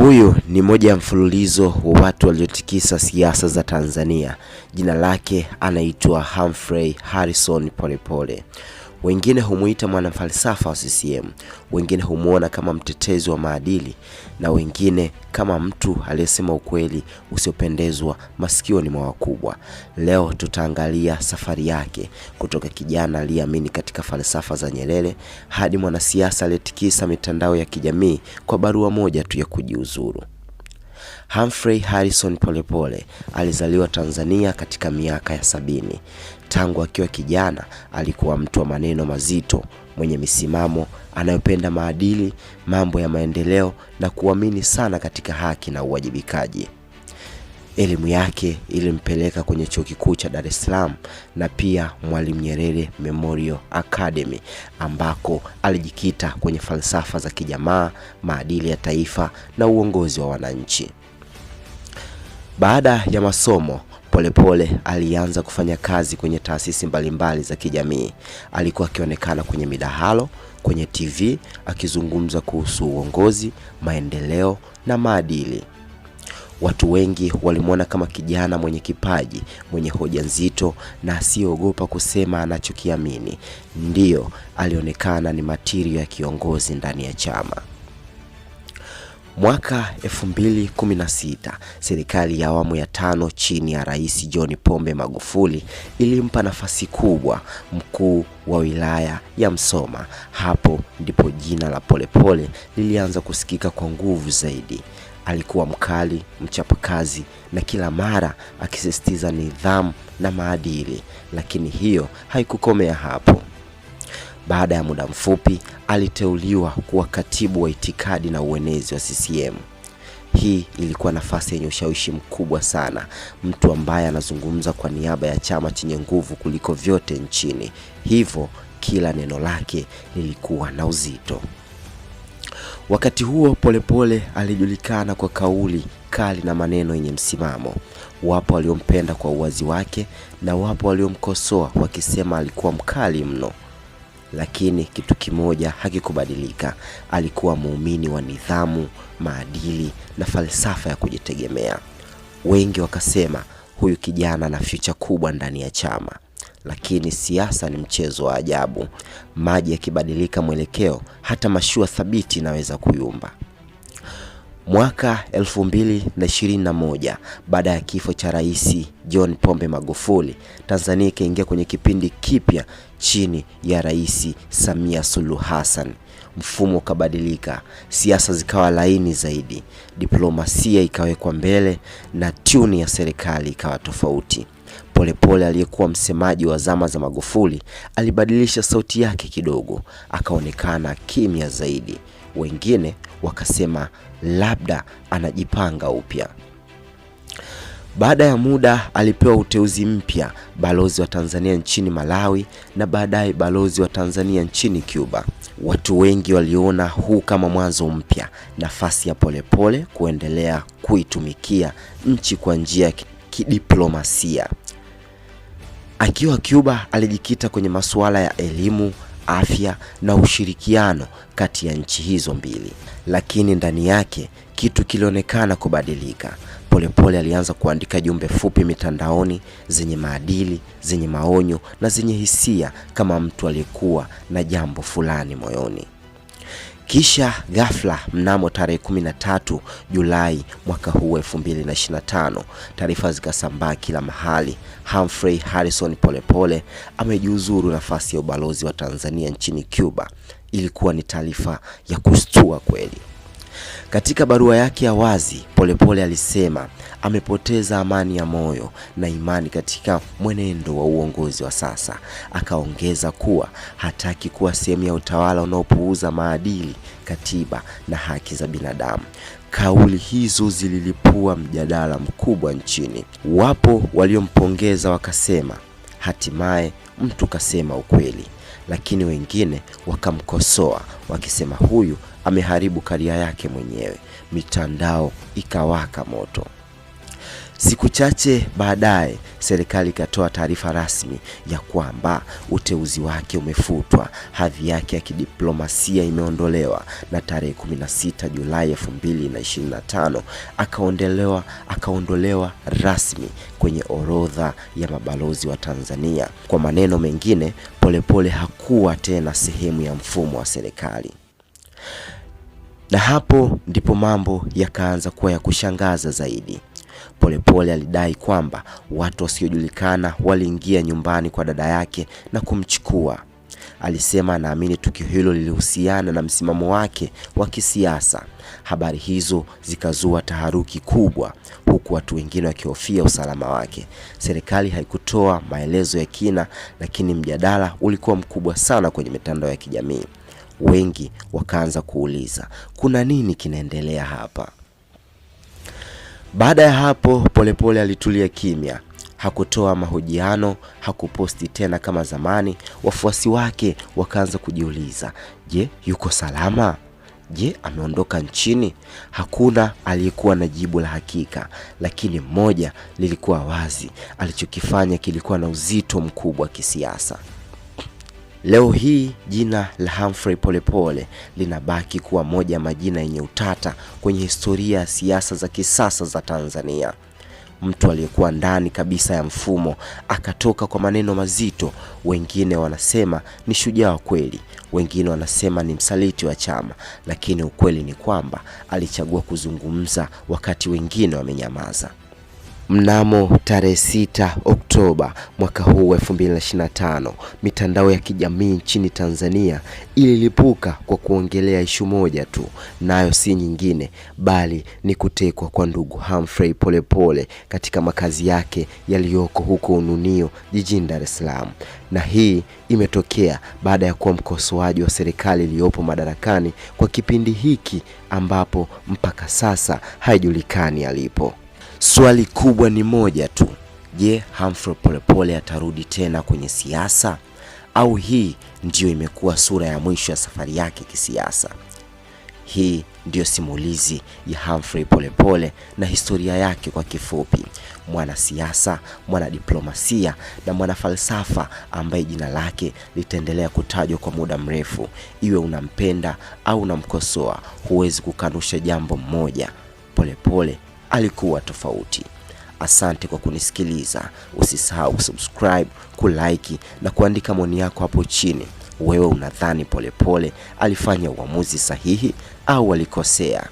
Huyu ni moja ya mfululizo wa watu waliotikisa siasa za Tanzania. Jina lake anaitwa Humphrey Harrison Polepole. Wengine humuita mwanafalsafa wa CCM, wengine humuona kama mtetezi wa maadili na wengine kama mtu aliyesema ukweli usiopendezwa masikioni mwa wakubwa. Leo tutaangalia safari yake kutoka kijana aliyeamini katika falsafa za Nyerere hadi mwanasiasa aliyetikisa mitandao ya kijamii kwa barua moja tu ya kujiuzuru. Humphrey Harrison Polepole alizaliwa Tanzania katika miaka ya sabini. Tangu akiwa kijana alikuwa mtu wa maneno mazito, mwenye misimamo, anayopenda maadili, mambo ya maendeleo na kuamini sana katika haki na uwajibikaji elimu yake ilimpeleka kwenye chuo kikuu cha Dar es Salaam na pia Mwalimu Nyerere Memorial Academy ambako alijikita kwenye falsafa za kijamaa, maadili ya taifa na uongozi wa wananchi. Baada ya masomo Polepole pole, alianza kufanya kazi kwenye taasisi mbalimbali za kijamii. Alikuwa akionekana kwenye midahalo, kwenye TV akizungumza kuhusu uongozi, maendeleo na maadili. Watu wengi walimwona kama kijana mwenye kipaji, mwenye hoja nzito na asiyeogopa kusema anachokiamini. Ndiyo, alionekana ni matirio ya kiongozi ndani ya chama. Mwaka 2016 serikali ya awamu ya tano chini ya Rais John Pombe Magufuli ilimpa nafasi kubwa mkuu wa wilaya ya Msoma. Hapo ndipo jina la Polepole lilianza kusikika kwa nguvu zaidi alikuwa mkali, mchapakazi na kila mara akisisitiza nidhamu na maadili, lakini hiyo haikukomea hapo. Baada ya muda mfupi aliteuliwa kuwa katibu wa itikadi na uenezi wa CCM. Hii ilikuwa nafasi yenye ushawishi mkubwa sana, mtu ambaye anazungumza kwa niaba ya chama chenye nguvu kuliko vyote nchini, hivyo kila neno lake lilikuwa na uzito. Wakati huo Polepole alijulikana kwa kauli kali na maneno yenye msimamo. Wapo waliompenda kwa uwazi wake na wapo waliomkosoa wakisema alikuwa mkali mno, lakini kitu kimoja hakikubadilika: alikuwa muumini wa nidhamu, maadili na falsafa ya kujitegemea. Wengi wakasema huyu kijana ana future kubwa ndani ya chama lakini siasa ni mchezo wa ajabu. Maji yakibadilika mwelekeo, hata mashua thabiti inaweza kuyumba. Mwaka 2021 baada ya kifo cha Rais John Pombe Magufuli, Tanzania ikaingia kwenye kipindi kipya chini ya Rais Samia Suluhu Hassan. Mfumo ukabadilika, siasa zikawa laini zaidi, diplomasia ikawekwa mbele na tuni ya serikali ikawa tofauti. Polepole aliyekuwa msemaji wa zama za Magufuli alibadilisha sauti yake kidogo, akaonekana kimya zaidi. Wengine wakasema labda anajipanga upya. Baada ya muda alipewa uteuzi mpya, balozi wa Tanzania nchini Malawi na baadaye balozi wa Tanzania nchini Cuba. Watu wengi waliona huu kama mwanzo mpya, nafasi ya Polepole kuendelea kuitumikia nchi kwa njia ya kidiplomasia. Akiwa Cuba alijikita kwenye masuala ya elimu, afya na ushirikiano kati ya nchi hizo mbili, lakini ndani yake kitu kilionekana kubadilika. Polepole alianza kuandika jumbe fupi mitandaoni zenye maadili, zenye maonyo na zenye hisia, kama mtu aliyekuwa na jambo fulani moyoni. Kisha ghafla mnamo tarehe 13 Julai mwaka huu 2025, taarifa zikasambaa kila mahali. Humphrey Harrison Polepole amejiuzuru nafasi ya ubalozi wa Tanzania nchini Cuba. Ilikuwa ni taarifa ya kustua kweli. Katika barua yake ya wazi, Polepole alisema amepoteza amani ya moyo na imani katika mwenendo wa uongozi wa sasa. Akaongeza kuwa hataki kuwa sehemu ya utawala unaopuuza maadili, katiba na haki za binadamu. Kauli hizo zililipua mjadala mkubwa nchini. Wapo waliompongeza wakasema, hatimaye mtu kasema ukweli, lakini wengine wakamkosoa wakisema huyu ameharibu karia yake mwenyewe, mitandao ikawaka moto. Siku chache baadaye serikali ikatoa taarifa rasmi ya kwamba uteuzi wake umefutwa, hadhi yake ya kidiplomasia imeondolewa, na tarehe 16 Julai 2025 akaondolewa akaondolewa rasmi kwenye orodha ya mabalozi wa Tanzania. Kwa maneno mengine, Polepole hakuwa tena sehemu ya mfumo wa serikali. Na hapo ndipo mambo yakaanza kuwa ya kushangaza zaidi. Polepole alidai kwamba watu wasiojulikana waliingia nyumbani kwa dada yake na kumchukua. Alisema anaamini tukio hilo lilihusiana na msimamo wake wa kisiasa. Habari hizo zikazua taharuki kubwa, huku watu wengine wakihofia usalama wake. Serikali haikutoa maelezo ya kina, lakini mjadala ulikuwa mkubwa sana kwenye mitandao ya kijamii wengi wakaanza kuuliza kuna nini kinaendelea hapa. Baada ya hapo, Polepole pole alitulia kimya, hakutoa mahojiano, hakuposti tena kama zamani. Wafuasi wake wakaanza kujiuliza, je, yuko salama? Je, ameondoka nchini? Hakuna aliyekuwa na jibu la hakika, lakini mmoja lilikuwa wazi, alichokifanya kilikuwa na uzito mkubwa kisiasa. Leo hii jina la Humphrey Polepole linabaki kuwa moja ya majina yenye utata kwenye historia ya siasa za kisasa za Tanzania. Mtu aliyekuwa ndani kabisa ya mfumo akatoka kwa maneno mazito. Wengine wanasema ni shujaa wa kweli, wengine wanasema ni msaliti wa chama, lakini ukweli ni kwamba alichagua kuzungumza wakati wengine wamenyamaza. Mnamo tarehe 6 Oktoba mwaka huu 2025, mitandao ya kijamii nchini Tanzania ililipuka kwa kuongelea ishu moja tu, nayo si nyingine bali ni kutekwa kwa ndugu Humphrey Polepole katika makazi yake yaliyoko huko Ununio jijini Dar es Salaam. Na hii imetokea baada ya kuwa mkosoaji wa serikali iliyopo madarakani kwa kipindi hiki ambapo mpaka sasa haijulikani alipo. Swali kubwa ni moja tu. Je, Humphrey Polepole atarudi tena kwenye siasa au hii ndiyo imekuwa sura ya mwisho ya safari yake kisiasa? Hii ndiyo simulizi ya Humphrey Polepole na historia yake kwa kifupi, mwanasiasa, mwanadiplomasia na mwanafalsafa ambaye jina lake litaendelea kutajwa kwa muda mrefu. Iwe unampenda au unamkosoa, huwezi kukanusha jambo mmoja, Polepole alikuwa tofauti. Asante kwa kunisikiliza. Usisahau kusubscribe, kulike na kuandika maoni yako hapo chini. Wewe unadhani Polepole alifanya uamuzi sahihi au alikosea?